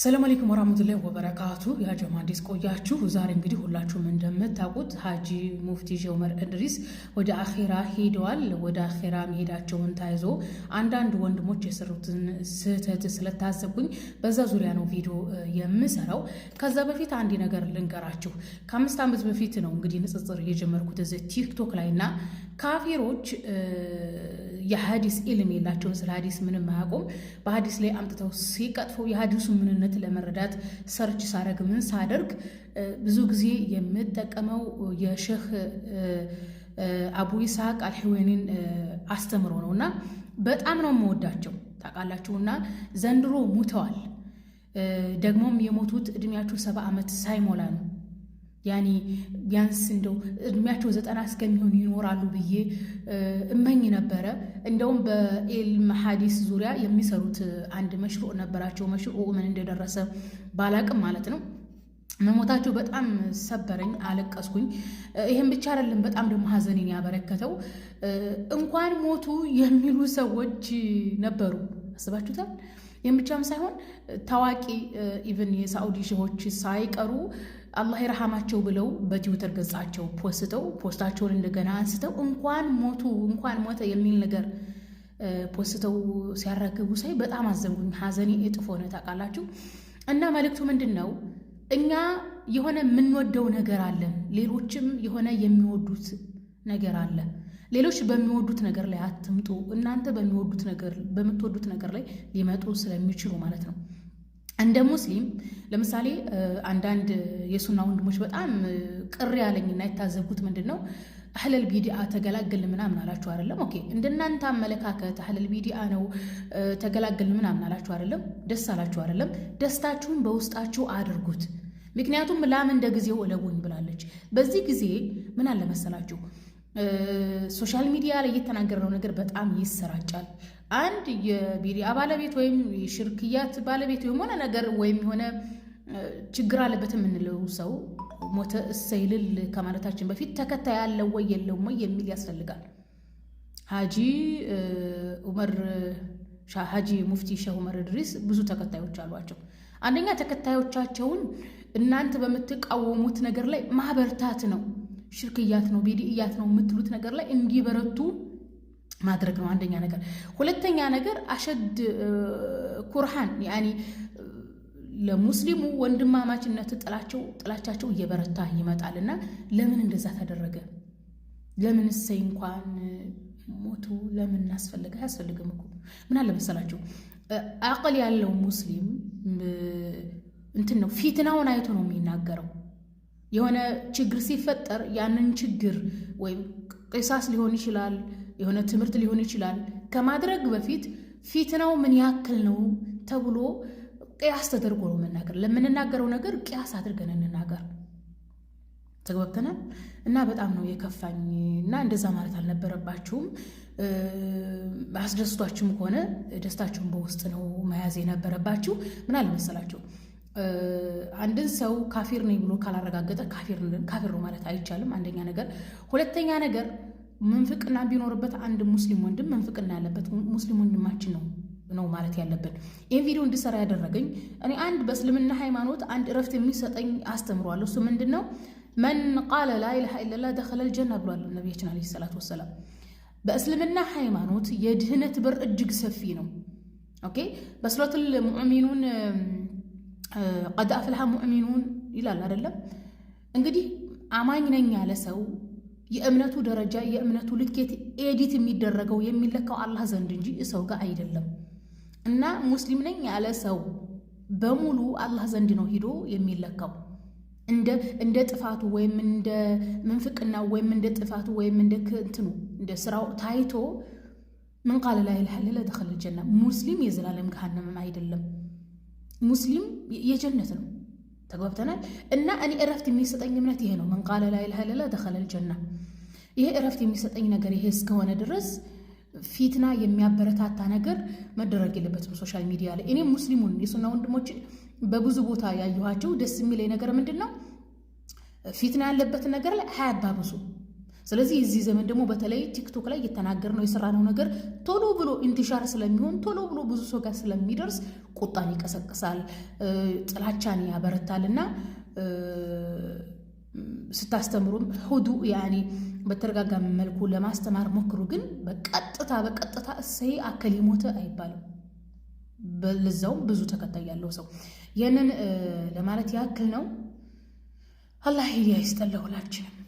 ሰላም አለይኩም ወራህመቱላሂ ወበረካቱ ያ ጀማ ቆያችሁ? ዛሬ እንግዲህ ሁላችሁም እንደምታውቁት ሀጂ ሙፍቲ ጀውመር እድሪስ ወደ አኼራ ሄደዋል። ወደ አኼራ መሄዳቸውን ታይዞ አንዳንድ ወንድሞች የሰሩትን ስህተት ስለታዘብኩኝ በዛ ዙሪያ ነው ቪዲዮ የምሰራው። ከዛ በፊት አንድ ነገር ልንገራችሁ። ከአምስት ዓመት በፊት ነው እንግዲህ ንጽጽር የጀመርኩት እዚህ ቲክቶክ ላይ እና ካፊሮች የሀዲስ ኢልም የላቸውም። ስለ ሀዲስ ምንም አያውቁም። በሀዲስ ላይ አምጥተው ሲቀጥፈው የሀዲሱ ምንነት ለመረዳት ሰርች ሳረግ ምን ሳደርግ ብዙ ጊዜ የምጠቀመው የሼህ አቡ ይስሐቅ አልሕዌኒን አስተምሮ ነው እና በጣም ነው የምወዳቸው እና ዘንድሮ ሙተዋል። ደግሞም የሞቱት እድሜያችሁ ሰባ ዓመት ሳይሞላ ነው። ያኔ ቢያንስ እንደው እድሜያቸው ዘጠና እስከሚሆን ይኖራሉ ብዬ እመኝ ነበረ። እንደውም በኤልም ሐዲስ ዙሪያ የሚሰሩት አንድ መሽሮ ነበራቸው። መሽሮ ምን እንደደረሰ ባላቅም ማለት ነው መሞታቸው በጣም ሰበረኝ፣ አለቀስኩኝ። ይህም ብቻ አይደለም፣ በጣም ደግሞ ሀዘኔን ያበረከተው እንኳን ሞቱ የሚሉ ሰዎች ነበሩ። አስባችሁታል? ይህም ብቻም ሳይሆን ታዋቂ ኢቭን የሳዑዲ ሸሆች ሳይቀሩ አላህ የረሃማቸው ብለው በትዊተር ገጻቸው ፖስተው ፖስታቸውን እንደገና አንስተው እንኳን ሞቱ እንኳን ሞተ የሚል ነገር ፖስተው ሲያራግቡ ሳይ በጣም አዘንጉኝ። ሀዘኔ እጥፎ ነው ታውቃላችሁ። እና መልእክቱ ምንድን ነው? እኛ የሆነ የምንወደው ነገር አለን፣ ሌሎችም የሆነ የሚወዱት ነገር አለ። ሌሎች በሚወዱት ነገር ላይ አትምጡ። እናንተ በሚወዱት ነገር በምትወዱት ነገር ላይ ሊመጡ ስለሚችሉ ማለት ነው። እንደ ሙስሊም ለምሳሌ አንዳንድ የሱና ወንድሞች በጣም ቅር ያለኝና የታዘብኩት ምንድን ነው አህለል ቢዲአ ተገላገል ምናምን አላችሁ አይደለም? ኦኬ እንደናንተ አመለካከት አህለል ቢዲአ ነው ተገላገል ምናምን አላችሁ አይደለም? ደስ አላችሁ አይደለም? ደስታችሁን በውስጣችሁ አድርጉት። ምክንያቱም ላም እንደ ጊዜው እለቡኝ ብላለች። በዚህ ጊዜ ምን አለመሰላችሁ ሶሻል ሚዲያ ላይ እየተናገርነው ነገር በጣም ይሰራጫል። አንድ የቢሪያ ባለቤት ወይም የሽርክያት ባለቤት የሆነ ነገር ወይም የሆነ ችግር አለበት የምንለው ሰው ሞተ እሰይልል ከማለታችን በፊት ተከታይ አለው ወይ የለውም ወይ የሚል ያስፈልጋል። ሀጂ ኡመር ሀጂ ሙፍቲ ሸህ ኡመር እድሪስ ብዙ ተከታዮች አሏቸው። አንደኛ ተከታዮቻቸውን እናንተ በምትቃወሙት ነገር ላይ ማበርታት ነው። ሽርክያት ነው ቤድእያት ነው የምትሉት ነገር ላይ እንዲበረቱ ማድረግ ነው አንደኛ ነገር። ሁለተኛ ነገር አሸድ ኩርሃን ያኒ ለሙስሊሙ ወንድማማችነት ጥላቸው ጥላቻቸው እየበረታ ይመጣል እና ለምን እንደዛ ተደረገ? ለምን እሰይ እንኳን ሞቱ ለምን አስፈለገ? አያስፈልግም እኮ ምን አለ መሰላችሁ አቅል ያለው ሙስሊም እንትን ነው ፊትናውን አይቶ ነው የሚናገረው የሆነ ችግር ሲፈጠር ያንን ችግር ወይም ቅሳስ ሊሆን ይችላል፣ የሆነ ትምህርት ሊሆን ይችላል ከማድረግ በፊት ፊትናው ምን ያክል ነው ተብሎ ቅያስ ተደርጎ ነው መናገር። ለምንናገረው ነገር ቅያስ አድርገን እንናገር። ተግባብተናል። እና በጣም ነው የከፋኝ እና እንደዛ ማለት አልነበረባችሁም። አስደስቷችሁም ከሆነ ደስታችሁን በውስጥ ነው መያዝ የነበረባችሁ። ምን አለመሰላችሁ አንድን ሰው ካፊር ነኝ ብሎ ካላረጋገጠ ካፊር ነው ማለት አይቻልም። አንደኛ ነገር። ሁለተኛ ነገር ምንፍቅና ቢኖርበት አንድ ሙስሊም ወንድም ምንፍቅና ያለበት ሙስሊም ወንድማችን ነው ነው ማለት ያለብን። ይህ ቪዲዮ እንድሰራ ያደረገኝ እኔ አንድ በእስልምና ሃይማኖት አንድ እረፍት የሚሰጠኝ አስተምሯል። እሱ ምንድን ነው? መን ቃለ ላ ኢለላ ኢለላህ ደኸለል ጀና ብሏል ነቢያችን ዓለይሂ ሰላቱ ወሰላም። በእስልምና ሃይማኖት የድህነት በር እጅግ ሰፊ ነው። ኦኬ በሱረቱል ሙዕሚኑን ቀድ አፍልሐ ሙእሚኑን ይላል አይደለም። እንግዲህ አማኝ ነኝ ያለ ሰው የእምነቱ ደረጃ የእምነቱ ልኬት ኤዲት የሚደረገው የሚለካው አላህ ዘንድ እንጂ ሰው ጋር አይደለም። እና ሙስሊም ነኝ ያለ ሰው በሙሉ አላህ ዘንድ ነው ሂዶ የሚለካው። እንደ ጥፋቱ ወይም እንደ ምንፍቅና ወይም እንደ ጥፋቱ ወይም እንደ እንትኑ እንደ ስራው ታይቶ ምን ቃለ ላ ኢላሀ ኢለላህ ሙስሊም የዘላለም ገሃነምም አይደለም። ሙስሊም የጀነት ነው። ተግባብተናል። እና እኔ እረፍት የሚሰጠኝ እምነት ይሄ ነው። መንቃለ ላ ኢላሀ ኢለላህ ደኸለል ጀና። ይሄ እረፍት የሚሰጠኝ ነገር ይሄ እስከሆነ ድረስ ፊትና የሚያበረታታ ነገር መደረግ የለበትም ሶሻል ሚዲያ ላይ። እኔ ሙስሊሙን የሱና ወንድሞችን በብዙ ቦታ ያየኋቸው ደስ የሚለኝ ነገር ምንድን ነው? ፊትና ያለበትን ነገር ላይ አያባብሱ ስለዚህ የዚህ ዘመን ደግሞ በተለይ ቲክቶክ ላይ እየተናገርነው የሰራነው ነገር ቶሎ ብሎ ኢንትሻር ስለሚሆን ቶሎ ብሎ ብዙ ሰው ጋር ስለሚደርስ ቁጣን ይቀሰቅሳል፣ ጥላቻን ያበረታልና ስታስተምሩም ሁዱ ያኔ በተረጋጋ መልኩ ለማስተማር ሞክሩ። ግን በቀጥታ በቀጥታ እሰይ አከል ሞተ አይባልም። ለዛውም ብዙ ተከታይ ያለው ሰው ይህንን ለማለት ያክል ነው። አላህ ሂዳያ ይስጠን ለሁላችንም።